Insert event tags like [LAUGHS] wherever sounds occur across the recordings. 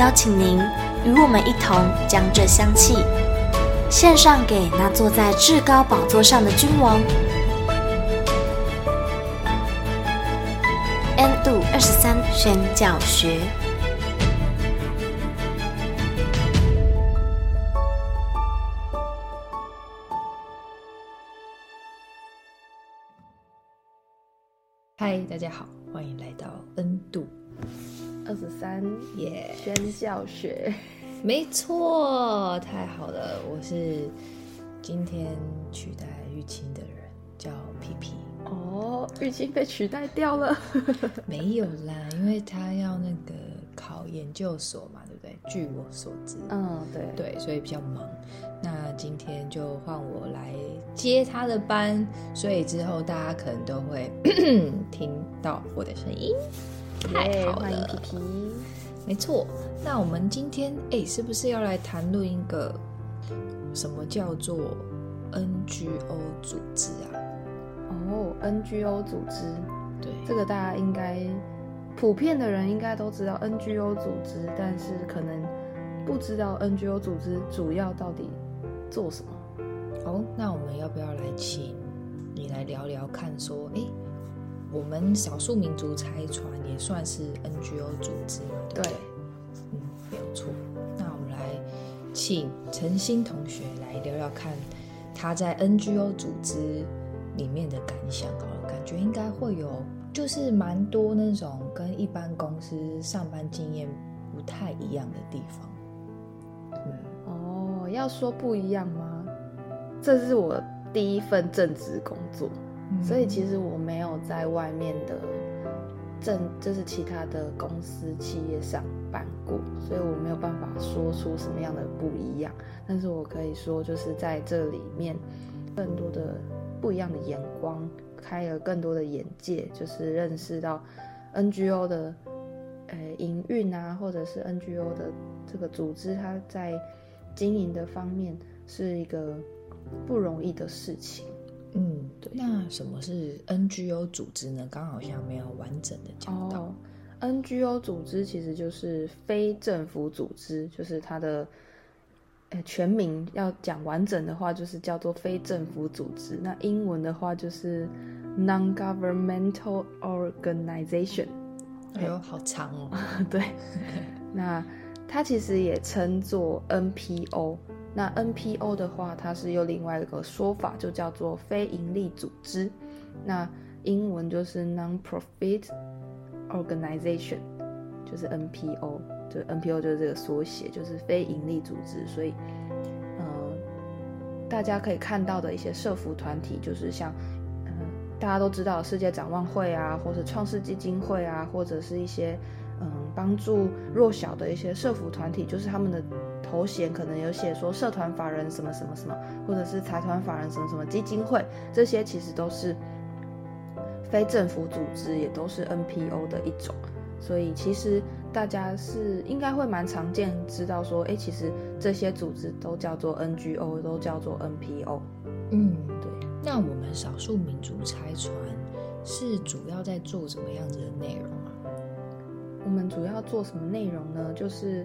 邀請您與我們一同將這香氣獻上給那坐在至高寶座上的君王。n 度二十三宣教學。嗨，大家好，歡迎來到 n 度。二十三耶！23, Yes 宣教學，沒錯，太好了。我是今天取代玉清的人，叫皮皮。哦，玉清，oh, 被取代掉了？ [LAUGHS] 沒有啦，因為他要那個考研究所嘛，對不對？據我所知，嗯，oh. oh, 對，對，所以比較忙。那今天就換我來接他的班，所以之後大家可能都會 [COUGHS] 聽到我的聲音。太好了，耶歡迎皮皮。沒錯，那我們今天哎，是不是要來談論一個什麼叫做 NGO 組織啊？哦，oh，NGO 組織，對，這個大家應該普遍的人應該都知道 NGO 組織，但是可能不知道 NGO 組織主要到底做什麼。哦，oh, 那我們要不要來請你來聊聊看說，哎。我們少數民族差傳也算是 NGO 組織嘛？對，對，對嗯，沒有錯。那我們來請陳鑫同學來聊聊看他在 NGO 組織裡面的感想，我感覺應該會有就是蠻多那種跟一般公司上班經驗不太一樣的地方。嗯，哦，要說不一樣嗎？這是我第一份正職工作。所以其實我沒有在外面的正，就是其他的公司企業上班過，所以我沒有辦法說出什麼樣的不一樣。但是我可以說，就是在這裡面，更多的不一樣的眼光，開了更多的眼界，就是認識到 NGO 的呃、哎、營運啊，或者是 NGO 的這個組織，它在經營的方面是一個不容易的事情。嗯，對。那什麼是 NGO 組織呢？剛好像沒有完整的講到。哦，NGO 組織其實就是非政府組織，就是它的呃全名要講完整的話，就是叫做非政府組織。那英文的話就是 Non-governmental organization。哎呦，好長哦。 [LAUGHS] 對，那它其實也稱作 NPO。那 NPO 的話，它是有另外一個說法，就叫做非營利組織。那英文就是 nonprofit organization，就是 NPO，就 NPO 就是這個縮寫，就是非營利組織。所以，嗯、呃，大家可以看到的一些社福團體，就是像，嗯、呃，大家都知道的世界展望會啊，或者創世基金會啊，或者是一些，嗯、呃，幫助弱小的一些社福團體，就是他們的。頭銜可能有寫說，社團法人什麼什麼什麼，或者是財團法人什麼什麼基金會，這些其實都是非政府組織，也都是 NPO 的一種。所以其實大家是應該會蠻常見，知道說，哎、欸，其實這些組織都叫做 NGO，都叫做 NPO。嗯，對。那我們少數民族差傳是主要在做什麼樣的內容啊？我們主要做什麼內容呢？就是。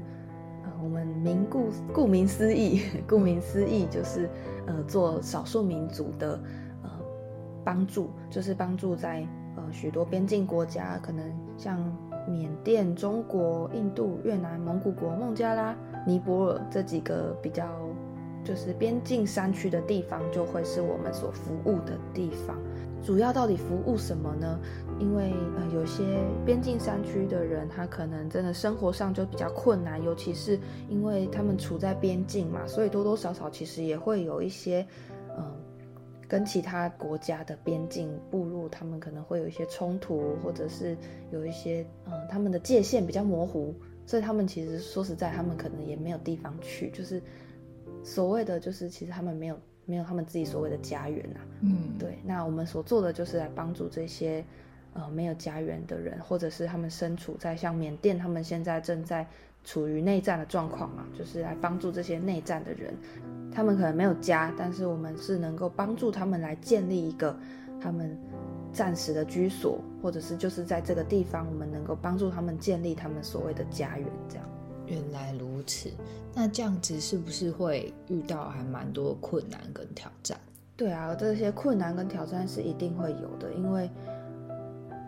我們名顧顧名思義，顧名思義就是，呃，做少數民族的，呃，幫助，就是幫助在呃許多邊境國家，可能像緬甸、中國、印度、越南、蒙古國、孟加拉、尼泊爾這幾個比較就是邊境山區的地方，就會是我們所服務的地方。主要到底服務什麼呢？因為呃，有些邊境山區的人，他可能真的生活上就比較困難，尤其是因為他們處在邊境嘛，所以多多少少其實也會有一些，嗯、呃，跟其他國家的邊境部落，他們可能會有一些衝突，或者是有一些，嗯、呃，他們的界限比較模糊，所以他們其實說實在，他們可能也沒有地方去，就是所謂的就是其實他們沒有，沒有他們自己所謂的家園啊，嗯，對，那我們所做的就是來幫助這些，呃，沒有家園的人，或者是他們身處在像緬甸，他們現在正在處於內戰的狀況嘛，就是來幫助這些內戰的人，他們可能沒有家，但是我們是能夠幫助他們來建立一個他們暫時的居所，或者是就是在這個地方，我們能夠幫助他們建立他們所謂的家園，這樣。原來如此，那這樣子是不是會遇到還蠻多困難跟挑戰？對啊，這些困難跟挑戰是一定會有的，因為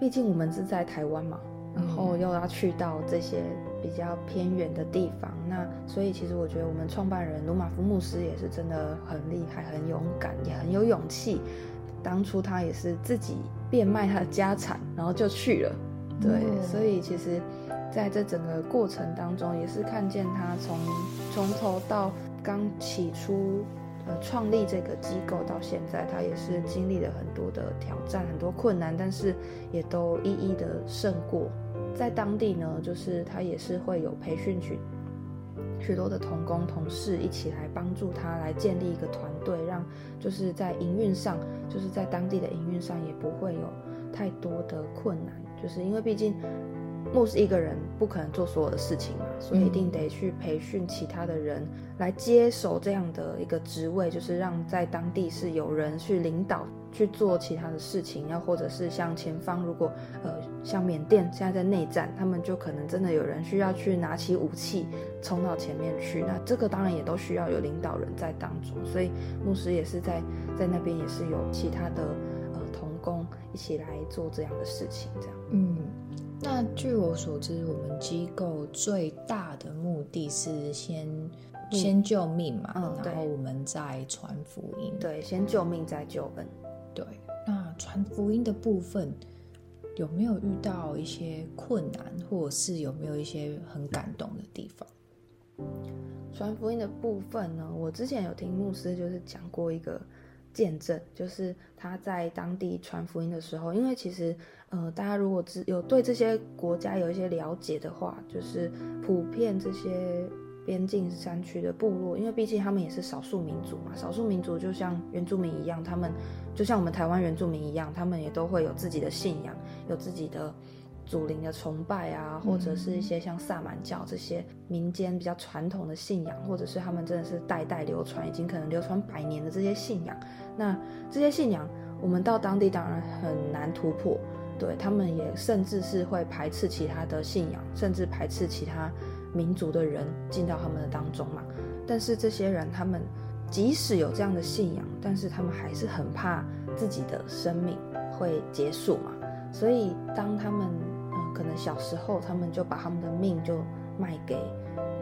畢竟我們是在台灣嘛，嗯、然後又要去到這些比較偏遠的地方，那所以其實我覺得我們創辦人魯瑪夫牧師也是真的很厲害、很勇敢，也很有勇氣。當初他也是自己變賣他的家產，然後就去了。對，嗯、所以其實。在這整個過程當中，也是看見他從從頭到剛起初呃創立這個機構到現在，他也是經歷了很多的挑戰、很多困難，但是也都一一的勝過。在當地呢，就是他也是會有培訓群，多的同工同事一起來幫助他來建立一個團隊，讓就是在營運上，就是在當地的營運上也不會有太多的困難，就是因為畢竟。牧師一個人不可能做所有的事情嘛，所以一定得去培訓其他的人來接手這樣的一個職位，就是讓在當地是有人去領導去做其他的事情，要或者是像前方如果呃像緬甸現在在內戰，他們就可能真的有人需要去拿起武器衝到前面去，那這個當然也都需要有領導人在當中，所以牧師也是在在那邊也是有其他的呃同工一起來做這樣的事情這樣，嗯。那據我所知，我們機構最大的目的是先先救命嘛，嗯嗯、然後我們再傳福音。對，先救命再救恩、嗯。對，那傳福音的部分有沒有遇到一些困難，或者是有沒有一些很感動的地方？傳福音的部分呢？我之前有聽牧師就是講過一個。見證就是他在當地傳福音的時候，因為其實，呃，大家如果知有對這些國家有一些了解的話，就是普遍這些邊境山區的部落，因為畢竟他們也是少數民族嘛。少數民族就像原住民一樣，他們就像我們台灣原住民一樣，他們也都會有自己的信仰，有自己的。祖靈的崇拜啊，或者是一些像薩滿教這些民間比較傳統的信仰，或者是他們真的是代代流傳，已經可能流傳百年的這些信仰。那這些信仰，我們到當地當然很難突破，對，他們也甚至是會排斥其他的信仰，甚至排斥其他民族的人進到他們的當中嘛。但是這些人，他們即使有這樣的信仰，但是他們還是很怕自己的生命會結束嘛。所以當他們。可能小時候他們就把他們的命就賣給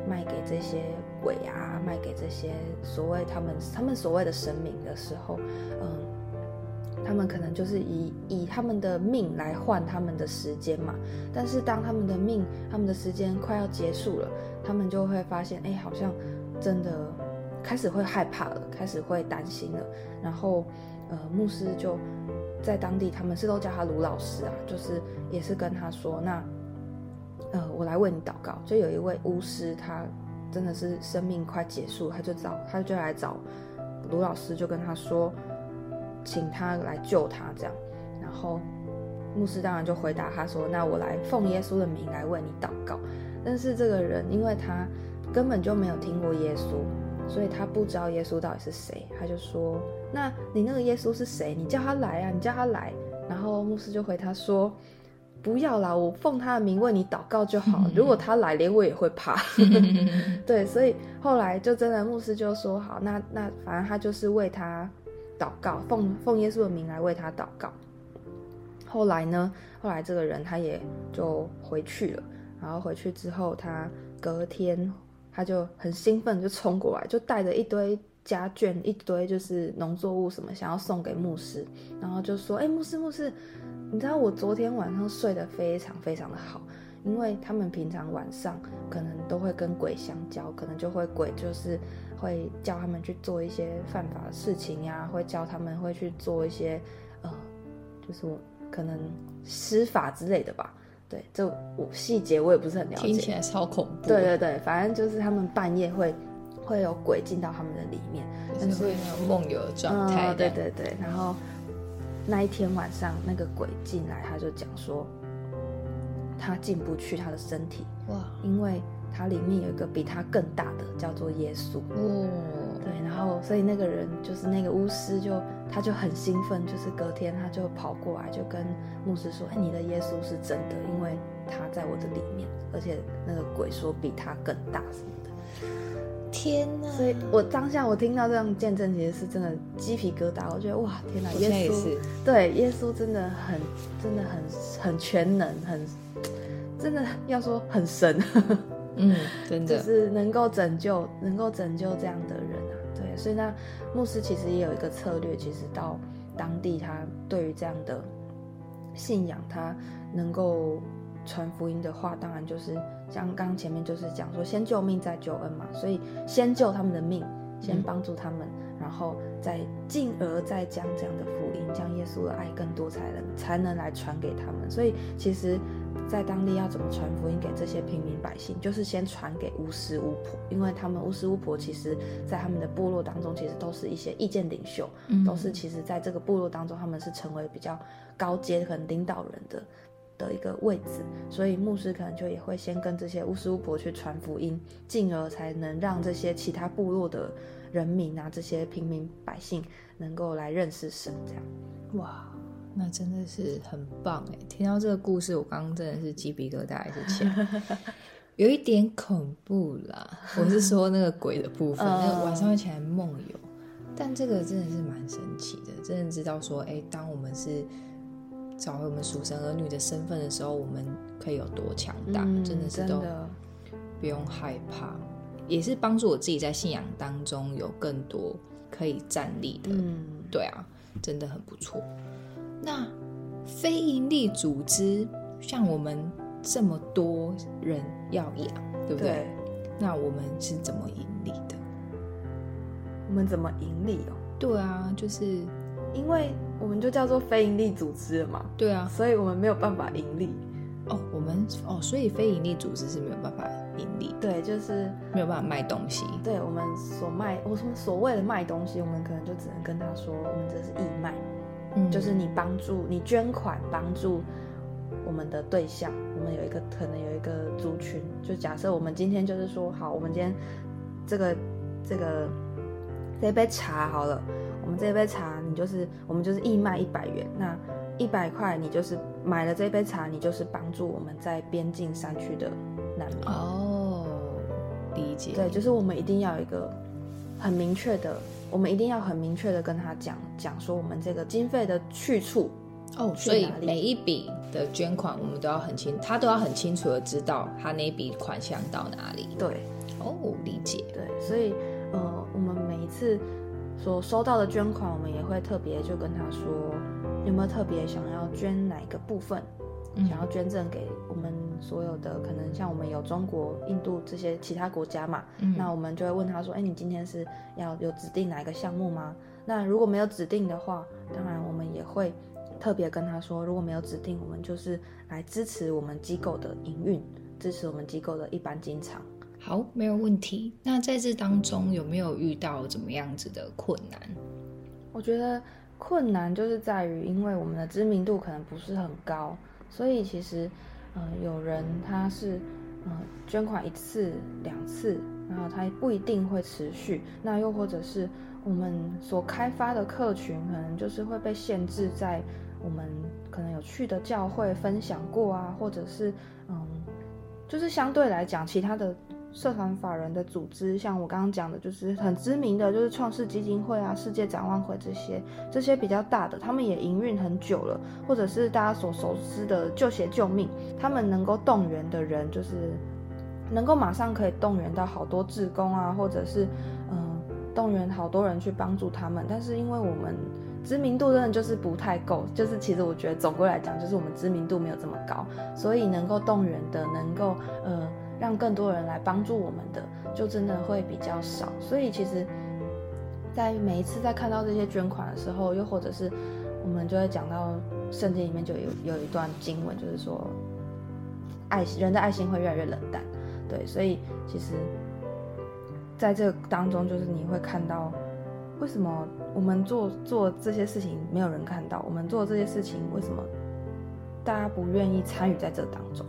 賣給這些鬼啊，賣給這些所謂他們他們所謂的神明的時候，嗯，他們可能就是以以他們的命來換他們的時間嘛。但是當他們的命、他們的時間快要結束了，他們就會發現，哎、欸，好像真的開始會害怕了，開始會擔心了。然後，呃、嗯，牧師就。在當地，他們是都叫他魯老師啊，就是也是跟他說，那，呃，我來為你禱告。就有一位巫師，他真的是生命快結束，他就找，他就來找魯老師，就跟他說，請他來救他這樣。然後牧師當然就回答他說，那我來奉耶穌的名來為你禱告。但是這個人，因為他根本就沒有聽過耶穌，所以他不知道耶穌到底是誰，他就說。那你那個耶穌是誰？你叫他來啊！你叫他來。然後牧師就回他說：“不要啦，我奉他的名為你禱告就好。如果他來了，連我也會怕。 [LAUGHS] ”對，所以後來就真的牧師就說：“好，那那反正他就是為他禱告，奉奉耶穌的名來為他禱告。”後來呢？後來這個人他也就回去了。然後回去之後，他隔天他就很興奮，就衝過來，就帶着一堆。家眷一堆就是農作物什麼想要送給牧師，然後就說：“哎、欸，牧師，牧師，你知道我昨天晚上睡得非常非常的好，因為他們平常晚上可能都會跟鬼相交，可能就會鬼就是會叫他們去做一些犯法的事情呀、啊，會教他們會去做一些呃，就是我可能施法之類的吧。對，這我細節我也不是很了解，聽起來超恐怖。對對對，反正就是他們半夜會。”會有鬼進到他們的裡面，但是，是會有夢遊狀態的，嗯，對對對。然後那一天晚上，那個鬼進來，他就講說，他進不去他的身體，哇，因為他裡面有一個比他更大的，叫做耶穌。哇，哦，對，然後所以那個人就是那個巫師就，就他就很興奮，就是隔天他就跑過來就跟牧師說，哎，你的耶穌是真的，因為他在我的裡面，而且那個鬼說比他更大。天吶！所以我當下我聽到這樣見證，其實是真的雞皮疙瘩。我覺得哇，天吶！耶穌對耶穌真的很、真的很、很全能，很真的要說很神。 [LAUGHS] 嗯，真的，就是能夠拯救、能夠拯救這樣的人啊。對，所以那牧師其實也有一個策略，其實到當地他對於這樣的信仰，他能夠。傳福音的話，當然就是像剛前面就是講說，先救命再救恩嘛，所以先救他們的命，先幫助他們，嗯、然後再進而再將這樣的福音，將耶穌的愛更多才能才能來傳給他們。所以其實，在當地要怎麼傳福音給這些平民百姓，就是先傳給巫師巫婆，因為他們巫師巫婆其實在他們的部落當中，其實都是一些意見領袖，嗯、都是其實在這個部落當中，他們是成為比較高階可能領導人的。的一個位置，所以牧師可能就也會先跟這些巫師巫婆去傳福音，進而才能讓這些其他部落的人民啊，這些平民百姓能夠來認識神，這樣。哇，那真的是很棒哎！聽到這個故事，我剛剛真的是雞皮疙瘩都起來 [LAUGHS] 有一點恐怖啦。我是說那個鬼的部分， [LAUGHS] 那個晚上會起來夢遊， [LAUGHS] 但這個真的是蠻神奇的，真的知道說，哎，當我們是。找回我們屬神兒女的身份的時候，我們可以有多強大？嗯，真的是都不用害怕，真的。也是幫助我自己在信仰當中有更多可以站立的。嗯，對啊，真的很不錯。那非營利組織像我們這麼多人要養，對不對？對那我們是怎麼盈利的？我們怎麼盈利哦？對啊，就是因為。我們就叫做非營利組織了嘛，對啊，所以我們沒有辦法盈利。哦，我們哦，所以非營利組織是沒有辦法盈利。對，就是沒有辦法賣東西。對，我們所賣，我、哦、所所謂的賣東西，我們可能就只能跟他說，我們這是義賣，嗯，就是你幫助你捐款幫助我們的對象，我們有一個可能有一個族群，就假設我們今天就是說好，我們今天這個這個這杯茶好了。我們這一杯茶，你就是我們就是義賣一百元，那一百塊你就是買了這杯茶，你就是幫助我們在邊境山區的難民。哦，理解。對，就是我們一定要有一個很明確的，我們一定要很明確的跟他講，講說我們這個經費的去處去。哦，所以每一筆的捐款，我們都要很清，他都要很清楚的知道他那筆款項到哪裡。對，哦，理解。對，所以呃，我們每一次。所收到的捐款，我們也會特別就跟他說，有沒有特別想要捐哪一個部分，嗯、想要捐贈給我們所有的，可能像我們有中國、印度這些其他國家嘛，嗯、那我們就會問他說，哎，你今天是要有指定哪一個項目嗎？那如果沒有指定的話，當然我們也會特別跟他說，如果沒有指定，我們就是來支持我們機構的營運，支持我們機構的一般經常。好，沒有問題。那在這當中有沒有遇到怎麼樣子的困難？我覺得困難就是在於，因為我們的知名度可能不是很高，所以其實，嗯，有人他是嗯捐款一次兩次，然後他不一定會持續。那又或者是我們所開發的客群，可能就是會被限制在我們可能有去的教會分享過啊，或者是嗯，就是相對來講其他的。社團法人的組織，像我剛剛講的，就是很知名的，就是創世基金會啊、世界展望會這些，這些比較大的，他們也營運很久了，或者是大家所熟知的舊鞋救命，他們能夠動員的人，就是能夠馬上可以動員到好多志工啊，或者是嗯、呃，動員好多人去幫助他們。但是因為我們知名度真的就是不太夠，就是其實我覺得總歸來講，就是我們知名度沒有這麼高，所以能夠動員的，能夠呃。讓更多人來幫助我們的，就真的會比較少。所以其實，在每一次在看到這些捐款的時候，又或者是我們就會講到聖經裡面就有有一段經文，就是說愛，人的愛心會越來越冷淡。對，所以其實，在這當中，就是你會看到為什麼我們做做這些事情沒有人看到，我們做這些事情為什麼大家不願意參與在這當中？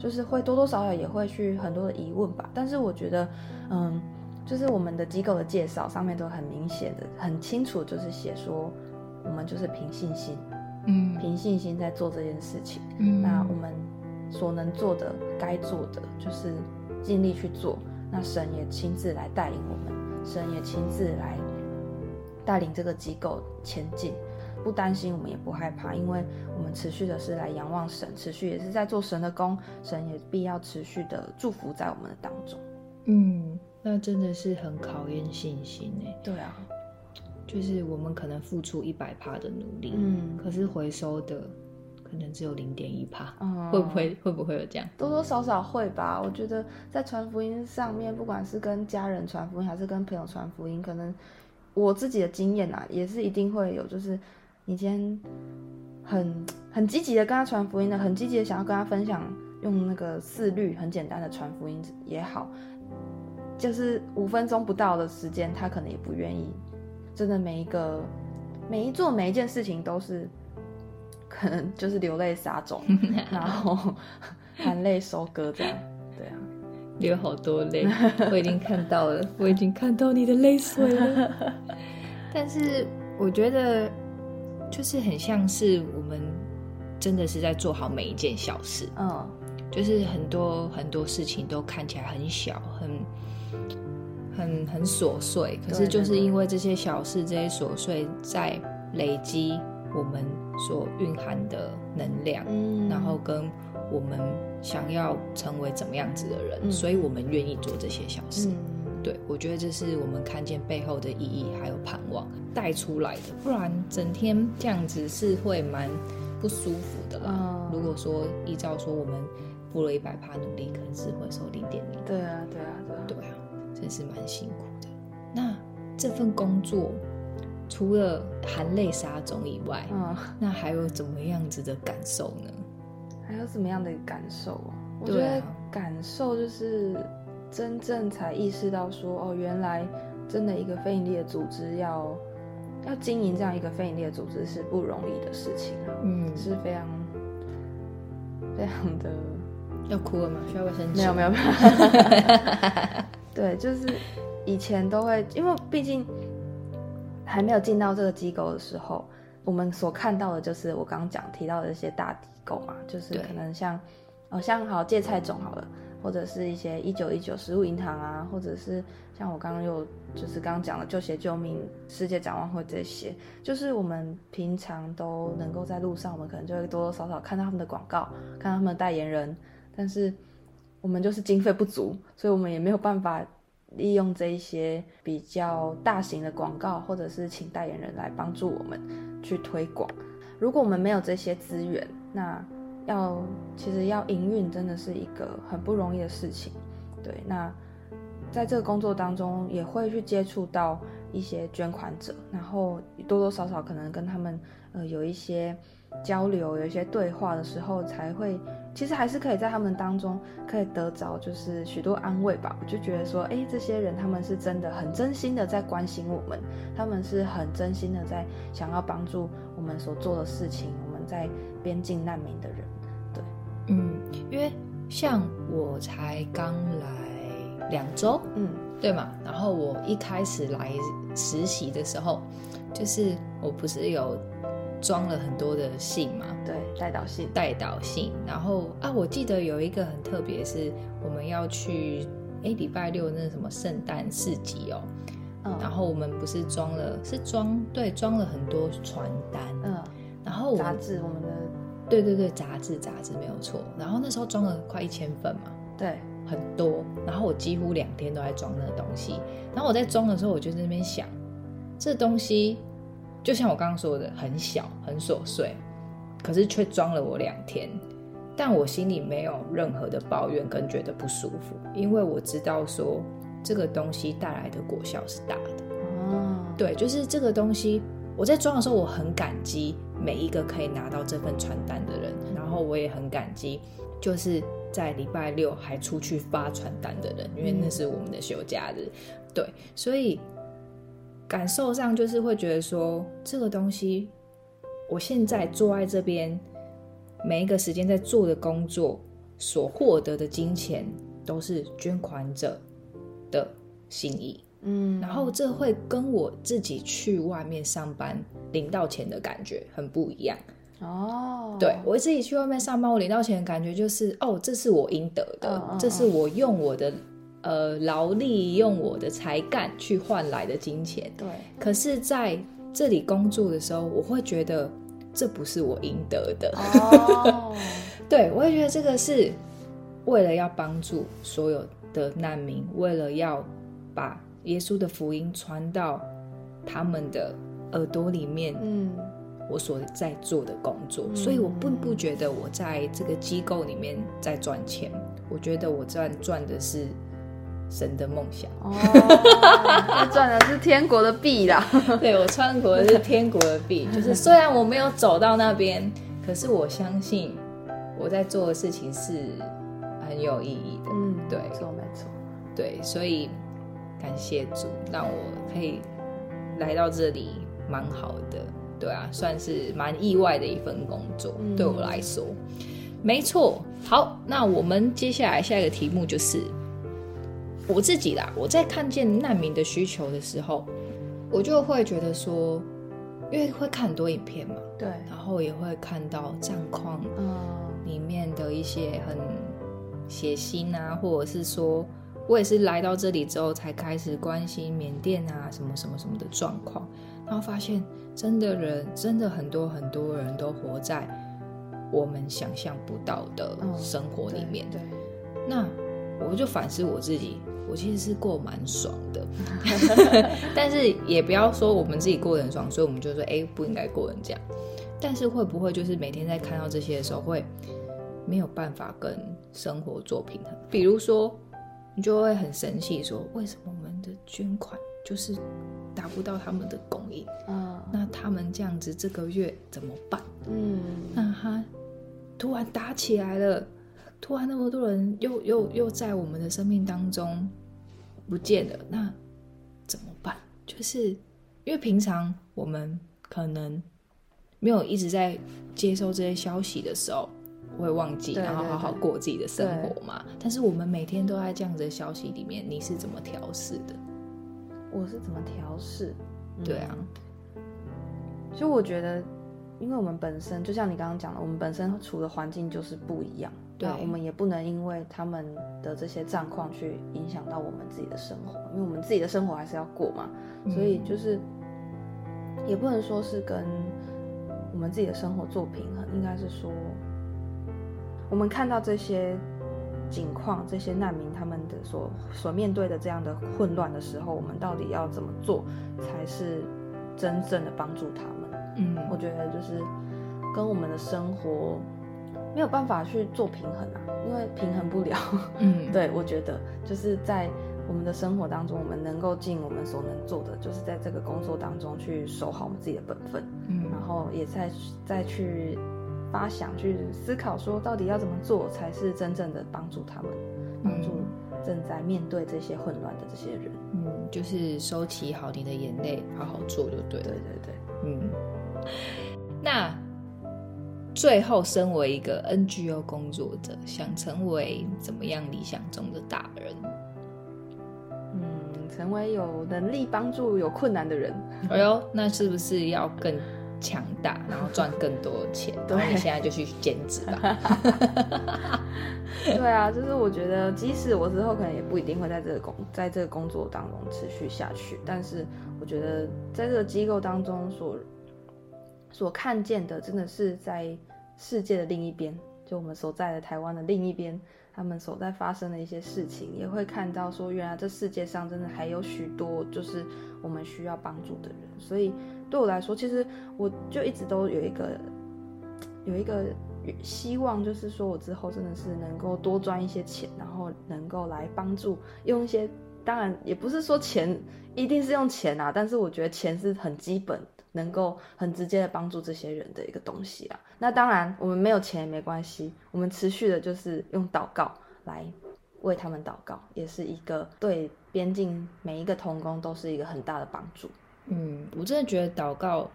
就是會多多少少也會去很多的疑問吧，但是我覺得，嗯，就是我們的機構的介紹上面都很明顯的很清楚，就是寫說我們就是憑信心，嗯，憑信心在做這件事情，嗯，那我們所能做的、該做的就是盡力去做，那神也親自來帶領我們，神也親自來帶領這個機構前進。不擔心，我們也不害怕，因為我們持續的是來仰望神，持續也是在做神的工，神也必要持續的祝福在我們的當中。嗯，那真的是很考驗信心呢、欸嗯。對啊，就是我們可能付出一百趴的努力，嗯，可是回收的可能只有零點一趴。嗯、會不會會不會有這樣？多多少少會吧。我覺得在傳福音上面，不管是跟家人傳福音，還是跟朋友傳福音，可能我自己的經驗啊，也是一定會有，就是。以前很很積極的跟他傳福音的。很積極的想要跟他分享，用那個四律很簡單的傳福音也好，就是五分鐘不到的時間，他可能也不願意。真的每一個每一做每一件事情都是，可能就是流淚撒種，然後含淚收割這樣。對啊，流好多淚， [LAUGHS] 我已經看到了， [LAUGHS] 我已經看到你的淚水了。 [LAUGHS] 但是我覺得。就是很像是我們真的是在做好每一件小事，嗯、哦，就是很多很多事情都看起來很小，很很很瑣碎，可是就是因為這些小事，對對對，這些瑣碎，在累積我們所蘊含的能量，嗯，然後跟我們想要成為怎麼樣子的人，嗯，所以我們願意做這些小事。嗯。對，我覺得這是我們看見背後的意義，還有盼望帶出來的，不然整天這樣子是會蠻不舒服的啦。哦、如果說依照說我們付了一百趴努力，可能是會收零點零。對啊，對啊，對對啊，真是蠻辛苦的。那這份工作除了含淚撒種以外，哦、那還有怎麼樣子的感受呢？還有什麼樣的感受？對啊、我覺得感受就是。真正才意識到說哦，原來真的一個非營利的組織要要經營這樣一個非營利的組織是不容易的事情啊，嗯，是非常非常的要哭了嗎？需要衛生？沒有沒有沒有。 [LAUGHS] [LAUGHS] 對，就是以前都會，因為畢竟還沒有進到這個機構的時候，我們所看到的就是我剛剛講提到的這些大機構嘛，就是可能像對哦，像好芥菜種好了。或者是一些一九一九食物銀行啊，或者是像我剛剛有就是剛剛講的舊鞋救命、世界展望會這些，就是我們平常都能夠在路上，我們可能就會多多少少看到他們的廣告，看到他們的代言人，但是我們就是經費不足，所以我們也沒有辦法利用這一些比較大型的廣告，或者是請代言人來幫助我們去推廣。如果我們沒有這些資源，那。要其實要營運真的是一個很不容易的事情，對。那在這個工作當中，也會去接觸到一些捐款者，然後多多少少可能跟他們呃有一些交流、有一些對話的時候，才會其實還是可以在他們當中可以得着，就是許多安慰吧。我就覺得說，哎、欸，這些人他們是真的很真心的在關心我們，他們是很真心的在想要幫助我們所做的事情，我們在邊境難民的人。嗯，因為像我才剛來兩週，嗯，對嘛，然後我一開始來實習的時候，就是我不是有裝了很多的信嘛，對，代禱信，代禱信，然後啊，我記得有一個很特別的是我們要去誒，禮拜六那什麼聖誕市集哦，然後我們不是裝了，是裝對裝了很多傳單，嗯，然後雜誌我們。對對對，雜誌雜誌沒有錯。然後那時候裝了快一千份嘛，對，很多。然後我幾乎兩天都在裝那個東西。然後我在裝的時候，我就在那邊想，這個東西，就像我剛剛說的，很小很瑣碎，可是卻裝了我兩天。但我心裡沒有任何的抱怨跟覺得不舒服，因為我知道說這個東西帶來的果效是大的。哦，對，就是這個東西，我在裝的時候我很感激。每一個可以拿到這份傳單的人，然後我也很感激，就是在禮拜六還出去發傳單的人，因為那是我們的休假日，對，所以感受上就是會覺得說，這個東西，我現在坐在這邊每一個時間在做的工作，所獲得的金錢，都是捐款者的心意。嗯，然後這會跟我自己去外面上班領到錢的感覺很不一樣哦。對，我自己去外面上班我領到錢的感覺就是，哦，這是我應得的，哦哦哦，這是我用我的呃勞力、用我的才幹去換來的金錢。對，可是在這裡工作的時候，我會覺得這不是我應得的。哦， [LAUGHS] 對，我會覺得這個是為了要幫助所有的難民，為了要把。耶穌的福音傳到他們的耳朵裡面。嗯，我所在做的工作，嗯、所以我並不覺得我在這個機構裡面在賺錢。我覺得我賺，賺的是神的夢想。哦，賺 [LAUGHS] 的是天國的幣啦。對，我穿過的是天國的幣。對就是雖然我沒有走到那邊， [LAUGHS] 可是我相信我在做的事情是很有意義的。嗯，對，是我沒錯，對，所以。感謝主讓我可以來到這裡，蠻好的，對啊，算是蠻意外的一份工作，嗯、對我來說，沒錯。好，那我們接下來下一個題目就是我自己啦。我在看見難民的需求的時候，我就會覺得說，因為會看很多影片嘛，對，然後也會看到戰況裡面的一些很血腥啊，或者是說。我也是來到這裡之後，才開始關心緬甸啊，什麼什麼什麼的狀況，然後發現，真的人真的很多很多人都活在我們想象不到的生活裡面。哦、對對。那我就反思我自己，我其實是過蠻爽的， [LAUGHS] 但是也不要說我們自己過得很爽，所以我們就說，哎、欸，不應該過成這樣。但是會不會就是每天在看到這些的時候，會沒有辦法跟生活做平衡？比如說。你就會很生氣，說為什麼我們的捐款就是達不到他們的供應？嗯，那他們這樣子這個月怎麼辦？嗯，那他突然打起來了，突然那麼多人又又又在我們的生命當中不見了，那怎麼辦？就是因為平常我們可能沒有一直在接收這些消息的時候。會忘記，對對對，然後好好過自己的生活嘛。對但是我們每天都在這樣子的消息裡面，你是怎麼調試的？我是怎麼調試？嗯、對啊，就我覺得，因為我們本身就像你剛剛講的，我們本身處的環境就是不一樣。對，我們也不能因為他們的這些狀況去影響到我們自己的生活，因為我們自己的生活還是要過嘛。嗯、所以就是也不能說是跟我們自己的生活做平衡，應該是說。我們看到這些境況，這些難民他們的所所面對的這樣的混亂的時候，我們到底要怎麼做才是真正的幫助他們？嗯，我覺得就是跟我們的生活沒有辦法去做平衡啊，因為平衡不了。嗯，對，我覺得就是在我們的生活當中，我們能夠盡我們所能做的，就是在這個工作當中去守好我們自己的本分。嗯，然後也再再去。發想去思考，說到底要怎麼做才是真正的幫助他們，幫助正在面對這些混亂的這些人。嗯，就是收起好你的眼淚，好好做就對了。對對對，嗯。那最後，身為一個 NGO 工作者，想成為怎麼樣理想中的大人？嗯，成為有能力幫助有困難的人。哎呦，那是不是要更？強大，然後賺更多錢。我們 [LAUGHS] 現在就去兼職吧。 [LAUGHS] [LAUGHS] 對啊，就是我覺得，即使我之後可能也不一定會在這個工，在這個工作當中持續下去，但是我覺得在這個機構當中所所看見的，真的是在世界的另一邊，就我們所在的台灣的另一邊。他們所在發生的一些事情，也會看到說，原來這世界上真的還有許多就是我們需要幫助的人。所以對我來說，其實我就一直都有一個有一個希望，就是說我之後真的是能夠多賺一些錢，然後能夠來幫助，用一些，當然也不是說錢，一定是用錢啊，但是我覺得錢是很基本。能夠很直接的幫助這些人的一個東西啊，那當然我們沒有錢也沒關係，我們持續的就是用禱告來為他們禱告，也是一個對邊境每一個同工都是一個很大的幫助。嗯，我真的覺得禱告，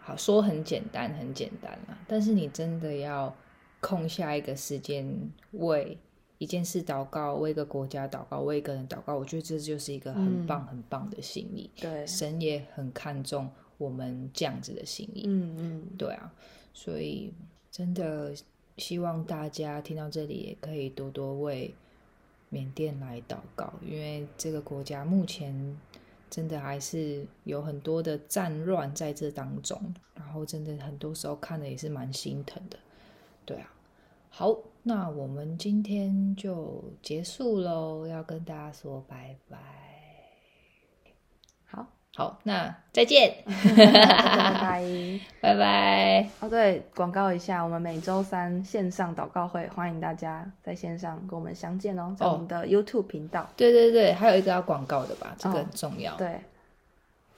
好說很簡單，很簡單啊。但是你真的要空下一個時間為一件事禱告，為一個國家禱告，為一個人禱告，我覺得這就是一個很棒很棒的心意，嗯。對，神也很看重。我們這樣子的心意，嗯嗯，對啊，所以真的希望大家聽到這裡，也可以多多為緬甸來禱告，因為這個國家目前真的還是有很多的戰亂在這當中，然後真的很多時候看的也是蠻心疼的，對啊。好，那我們今天就結束嘍，要跟大家說拜拜。好，那再見， [LAUGHS] [LAUGHS] 拜拜， [LAUGHS] 拜拜。哦，oh, 對，廣告一下，我們每周三線上禱告會，歡迎大家在線上跟我們相見哦，在我們的 YouTube 頻道。Oh, 對對對，還有一個要廣告的吧，這個很重要。Oh, 對，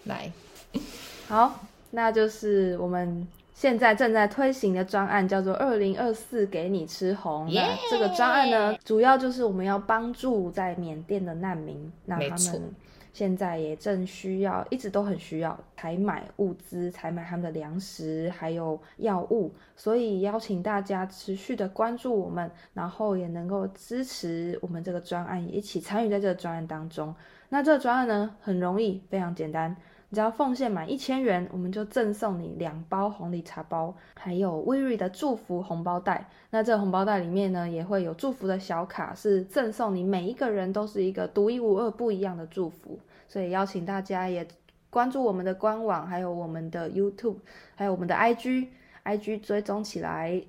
來， [LAUGHS] 好，那就是我們現在正在推行的專案，叫做“二零二四給你吃紅”。Yeah! 那這個專案呢，主要就是我們要幫助在緬甸的難民，錯那他們。現在也正需要，一直都很需要，採買物資，採買他們的糧食，還有藥物，所以邀請大家持續的關注我們，然後也能夠支持我們這個專案，一起參與在這個專案當中。那這個專案呢，很容易，非常簡單。只要奉獻滿一千元，我們就贈送你兩包紅利茶包，還有 WIRI 的祝福紅包袋。那這個紅包袋裡面呢，也會有祝福的小卡，是贈送你每一個人都是一個獨一無二、不一樣的祝福。所以邀請大家也關注我們的官網，還有我們的 YouTube，還有我們的 IG，IG IG 追蹤起來。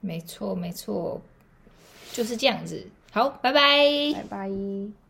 沒錯，沒錯，就是這樣子。嗯、好，拜拜，拜拜。